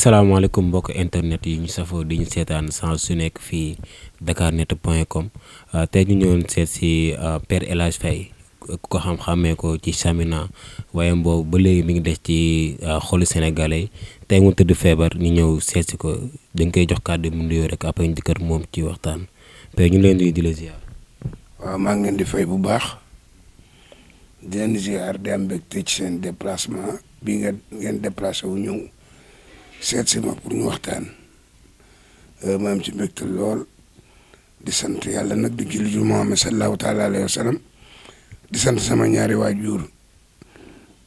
salaamaaleykum mbokk internet yi ñu safoo di ñu seetaan sans su nekk fii com euh, te ñu ñëwoon seet si euh, Père El Hadj Faye ku ko xam-xamee ko ci Samina waaye boobu ba léegi mi ngi des ci euh, xolu sénégalais te mu tëdd feebar ñu ñëw seet si ko dañ koy jox kàddu mu nuyoo rek après ñu dikkat moom ci waxtaan tey ñu leen di di la ziar. waaw maa ngi leen di fay bu baax di leen ziar di am mbégte ci seen déplacement bi nga ngeen déplacé wu ñëw. seet si ma pour ñu waxtaan euh, ma am ci mbégte lool di sant yàlla nag di julli ju Muhammad sallallahu taala alayhi wa di sant sama ñaari waajur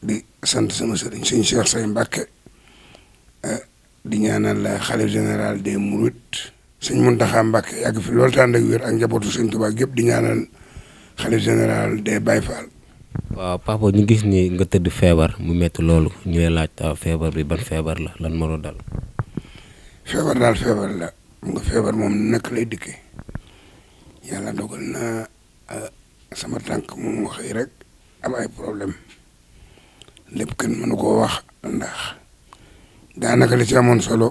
di sant sama sëriñ sëñ Cheikh Say Mbacke euh, di ñaanal la xalif général des Mourides. sëñ Mountakha Mbacke yàgg fi lool tànn ak wér ak njabootu sëñ Tuubaa gépp di ñaanal xalif général des Baye waaw papa ñu gis ni nga tëdd feebar mu metti loolu ñu lay laaj ah, feebar bi ban feebar la lan moo dal. feebar daal feebar la nga feebar moom nekk lay dikkee yàlla dogal na ah, sama tànk moom mu xëy rek am ay problème lépp kenn mënu ko wax ndax daanaka li ci amoon solo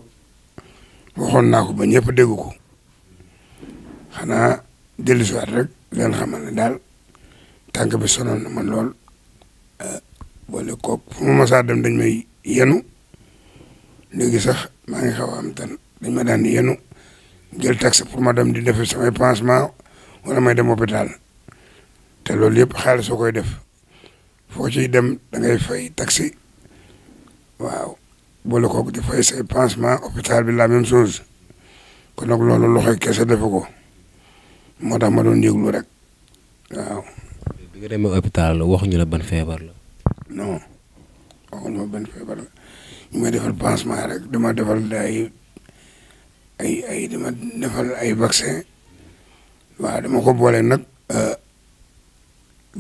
waxoon naa ko ba ñëpp dégg ko xanaa dellusiwaat rek leen xamal ne daal. tànk bi sonal na ma lool eh, boole koog fu ma masaa dem dañ may yenu léegi sax maa ngi xaw a am tan dañ ma daan yenu jël taxi pour ma dem di def samay pansement wala may dem hôpital te loolu yëpp xaalis soo koy def foo ciy dem da ngay fay taxi waaw boole koog di fay say pansement hopital bi la même chose kon nag loolu loxoy kese defu ko moo tax ma doon yëglu rek waaw bi nga demee hôpital waxuñu la ban feebar la. non waxuñu ma ban feebar la ñu defal pansement rek dama defal ay ay dama defal ay vaccin waaw dama ko boole nag euh,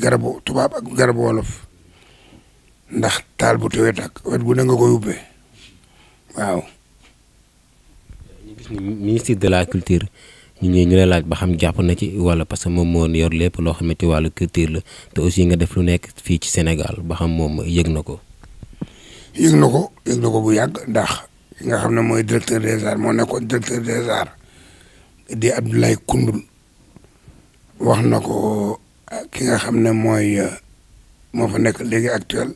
garabu tubaab ak garabu wolof ndax taal bu tëwee tàkk wet bu ne nga koy ubbee waaw. ñu gis ni ministre de la culture. ñu ñëw ñu lay laaj ba xam jàpp na ci wala parce que moom moo yor lépp loo xam ne ci wàllu culture la te aussi nga def lu nekk fii ci Sénégal ba xam moom yëg na ko. yëg na ko yëg na ko bu yàgg ndax ki nga xam ne mooy directeur des arts moo nekkoon directeur des di Abdoulaye Koundoul wax na ko ah, ki nga xam ne mooy euh, moo fa nekk léegi actuel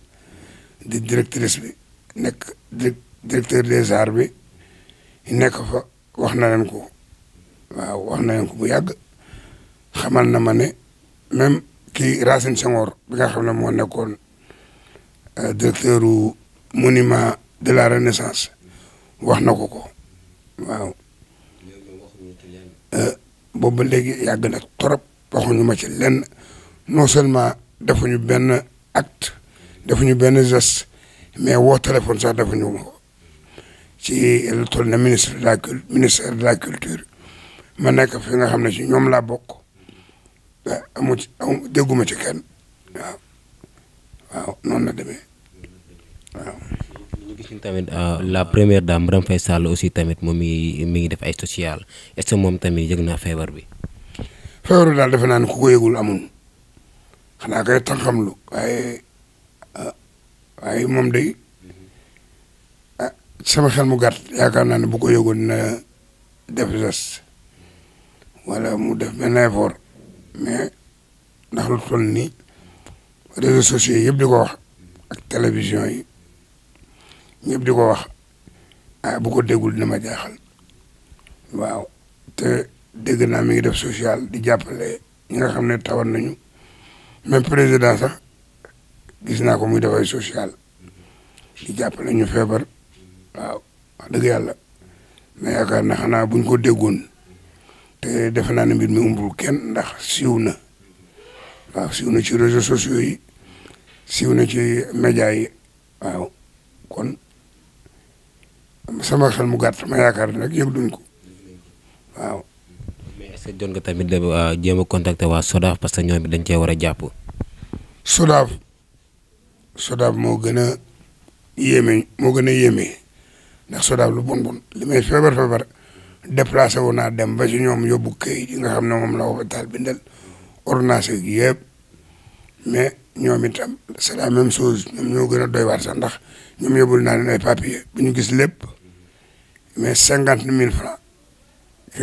di directrice bi nekk directeur des arts bi nekk fa wax na leen ko. waaw wax nañu ko bu yàgg xamal na ma ne même kii Racine Senghor bi nga xam na moo nekkoon euh, directeur u monument de la renaissance wax na ko ko waaw. Euh, boobu ba léegi yàgg na trop waxuñu ma ci len non seulement defuñu benn acte defuñu benn geste mais woo téléphone sax defuñu ma ko ci lu toll na ministre de la ministère de la culture. ma nekk fi nga xam ne ci ñoom laa bokk eh, amu ci amu dégguma ci kenn waaw waaw noonu la demee waaw. gis tamit euh, la première dame Marème Faye Sall aussi tamit moom mi mi ngi def ay social est moom tamit yëg naa feebar bi. feebar bi daal defe naa ne ku ko yëgul amul xanaa kay tànqamlu waaye euh, waaye moom day eh, sama xel mu gàtt yaakaar naa ne bu ko yëgoon na def geste. wala mu def benn effort mais ndax lu toll nii réseaux sociaux yëpp di ko wax ak télévision yi ñëpp di ko wax ah bu ko déggul dina ma jaaxal waaw te dégg naa mi ngi def social di jàppale ñi nga xam ne tawar nañu même président sax gis naa ko muy def ay social di jàppale ñu feebar waaw wax dëgg yàlla mais yaakaar na xanaa buñ ko déggoon. te defe naa ne mbir mi umbul kenn ndax siw na waaw siiw na ci réseaux sociaux yi siiw na ci média yi waaw kon sama xel mu gàtt ma yaakaar nag yëg duñ waaw. mais est-ce que jot nga tamit euh, jéem a contacter waa SODAV parce que ñoom dañ cee war a jàpp. SODAV SODAV moo gën a yéeme moo gën a yéeme ndax SODAV lu bon bon feebar feebar. déplacé wu naa dem ba si ñoom yóbbu këyit yi nga xam ne moom la hôpital bindal ordonnance gi yëpp mais ñoom itam c'est la même chose ñoom ñoo gën a doy waar sax ndax ñoom yóbbul naa leen ay papier bu ñu gis lépp mais cinquante mille francs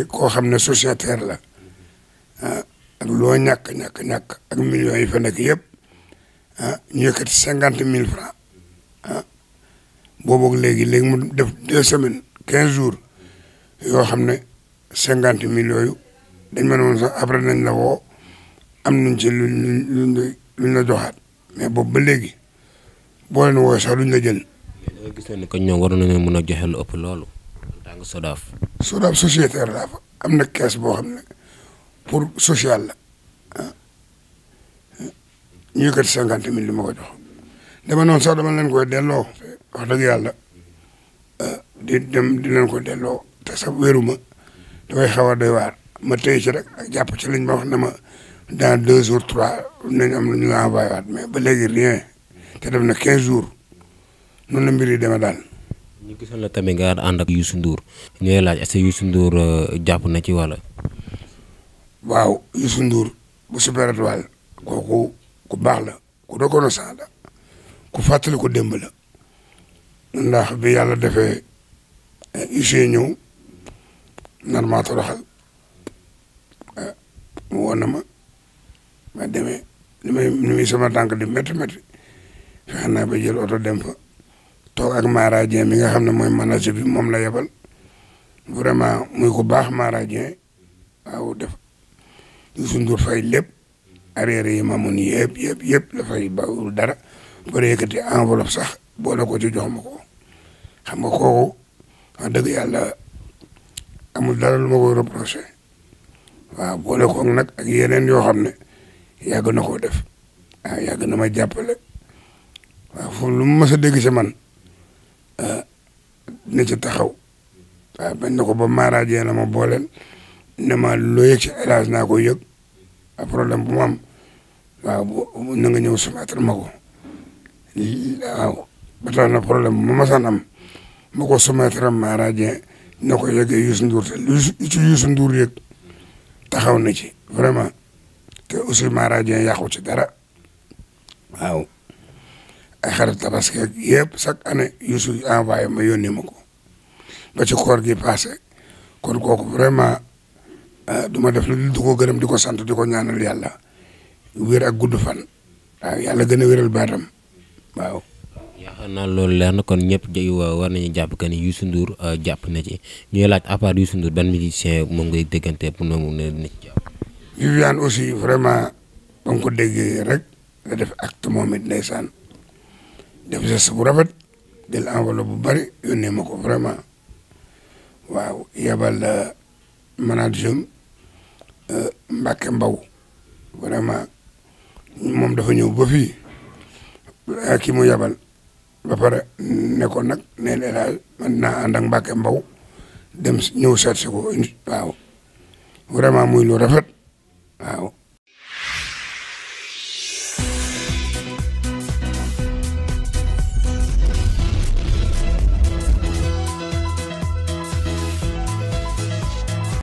koo xam ne sociétaire la ah ak loo ñàkk ñàkk ñàkk ak millions yi fa nekk yëpp ah ñu yëkkati cinquante mille francs ah boobu léegi léegi mu def deux semaines quinze jours yoo xam ne cinquante mille yooyu dañ ma ne sax après nañ la woo am nuñ ci lu luñ luñ la joxaat mais boobu ba léegi boo leen woo luñ la jël. mais da nga gisoon ne que ñoom mën a joxe lu ëpp loolu en tant am na kees boo xam ne pour social la ah. ñu yëkkati cinquante li ma ko jox dama noonu sax dama leen koy delloo. wax dëgg yàlla ah, di di leen ko delloo. te sax wéeru ma dafay xaw a doy waar ma téye ci rek ak jàpp ci liñ ma wax ma dans deux jours trois nañ am lu ñu la envoyé mais ba léegi rien te def na quinze jours noonu la mbir yi demee daal. ñu gisoon la tamit nga ànd ak Youssou Ndour ñooy laaj est-ce que euh, jàpp na ci wala. waaw Youssou Ndour bu Super Étoile kooku ku baax la ku reconnaissant la ku fàttali ko démb la ndax bi yàlla defee Youssou eh, ñëw. nar maa toroxal mu woon na ma ma demee li may li muy sama tànk di métti métti fexe naa ba jël oto dem fa toog ak Mara Dieng mi nga xam ne mooy manager bi moom la yebal vraiment muy ku baax Mara Dieng waaw def Youssou Ndour fay lépp arrière yi ma mun yëpp yëpp yëpp la fay bawul dara ba yëkkati enveloppe sax boole ko ci jox ma xam nga ko wax dëgg yàlla. mu dara lu ma koy waaw boole ko nag ak yeneen yoo xam ne yàgg na koo def waaw ah, yàgg na ma jàppale waaw foofu lu mu mës a dégg man ah, ne ci taxaw waaw bañ ko ba maaraajee na ma booleel ne ma loo yëg si El Hadj naa ko yëg a ah, problème bu mu am waaw bu na nga ñëw soumettre ma ko waaw ba tax na bu ma masaan am ma ko soumettre am na ko yeggee Youssou Ndour te lu ci Youssou Ndour yëg taxaw na ci vraiment te aussi Mara Dieng yàqu ci dara waaw ay xarit tabaski yëpp chaque année Youssou envoyé ma yónnee ma ko ba ci koor gi passé kon kooku vraiment ah, du ma def lu di ko gërëm di ko sant di ko ñaanal yàlla wér ak gudd fan waaw yàlla gën a wéral baatam waaw naa loolu leer na kon ñëpp war nañu jàpp que ni Youssou Ndour euh, jàpp na ci ñuy laaj à part Youssou Ndour ban musicien moom ngay déggante pour moom ne dina ci jàpp. Viviane aussi vraiment ba nga ko déggee rek la def acte moom it ndeysaan def geste bu rafet jël enveloppe bu bari yónnee ma ko vraiment waaw yabal euh, manager euh, Mbacke Mbaw vraiment moom dafa ñëw ba fii kii yabal. ba pare ne ko nag ne na daal man naa ànd ak Mbacke Mbow dem ñëw seet si ko waaw vraiment muy lu rafet waaw.